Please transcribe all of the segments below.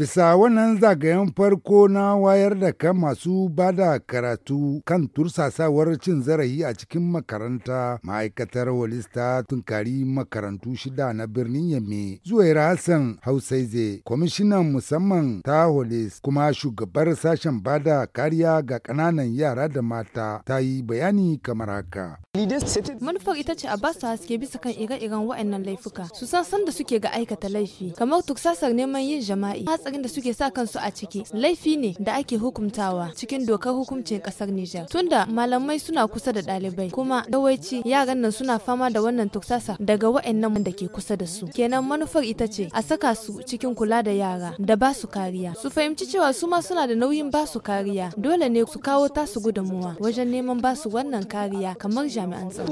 Bisa wannan zagayen farko na wayar da kan masu ba da karatu kan tursasawar cin zarafi a cikin makaranta ma'aikatar walista tunkari makarantu shida na birnin Yamme. Zuwaira Hassan Hausaize, kwamishinan musamman ta Holis kuma shugabar sashen bada kariya ga ƙananan yara da mata ta yi bayani kamar haka. Manufar ita ce a ba haske bisa kan ire-iren waɗannan laifuka, su san da suke ga aikata laifi, kamar tursasar neman yin jama'i, hatsarin da suke sa kansu a ciki laifi ne da ake hukuntawa cikin dokar hukuncin kasar Nijar. Tunda malamai suna kusa da ɗalibai kuma dawaici yaran nan suna fama da wannan tuksasa daga wa'annan da ke kusa da su. Kenan manufar ita ce a saka su cikin kula da yara da ba su kariya. Su fahimci cewa su ma suna da nauyin ba su kariya. Dole ne su kawo tasu gudunmuwa wajen neman ba su wannan kariya kamar jami'an tsaro.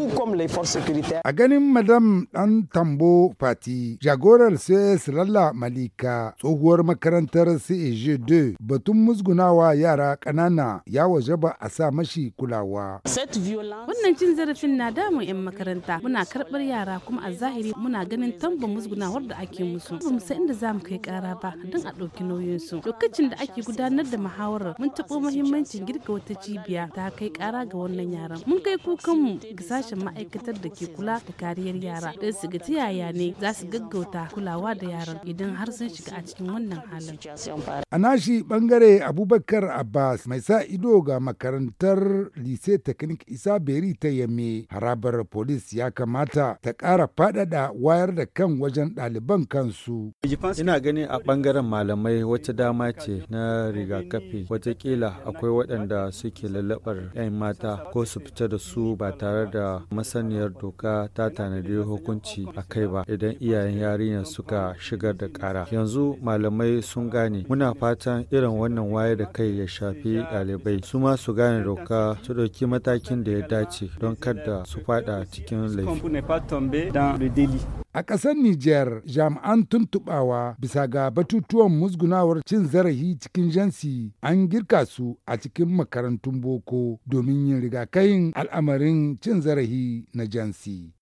A ganin Madam Dan Tambo Fati, jagorar sai Ralla Malika, tsohuwar makar makarantar CEG2 batun musgunawa yara ƙanana ya waje ba a sa mashi kulawa. Wannan cin zarafin na damun 'yan makaranta muna karɓar yara kuma a zahiri muna ganin tambar musgunawar da ake musu. Ba mu san inda za mu kai ƙara ba don a ɗauki su. Lokacin da ake gudanar da muhawarar mun taɓo muhimmancin girka wata cibiya ta kai ƙara ga wannan yaran. Mun kai kukanmu ga sashen ma'aikatar da ke kula da kariyar yara don su ga ta yaya ne za su gaggauta kulawa da yaran idan har sun shiga a cikin wannan hali. halin. A nashi bangare Abubakar Abbas mai sa ido ga makarantar Lise Technique Isa Beri ta Yame harabar polis ya kamata ta ƙara faɗaɗa wayar da kan wajen ɗaliban kansu. Ina gani a bangaren malamai wata dama ce na rigakafi watakila akwai waɗanda suke lalabar 'yan mata ko su fita da su ba tare da masaniyar doka ta tanadi hukunci a kai ba idan iyayen yarinyar suka shigar da ƙara. Yanzu malamai ɗalibai sun gane muna fatan irin wannan waye da kai ya shafi ɗalibai su ma su gane doka su ɗauki matakin da ya dace don kada su fada cikin laifi a ƙasar Nijar jami'an tuntuɓawa bisa ga batutuwan musgunawar cin zarafi cikin jansi an girka su a cikin makarantun boko domin yin rigakayin al'amarin cin zarafi na jansi.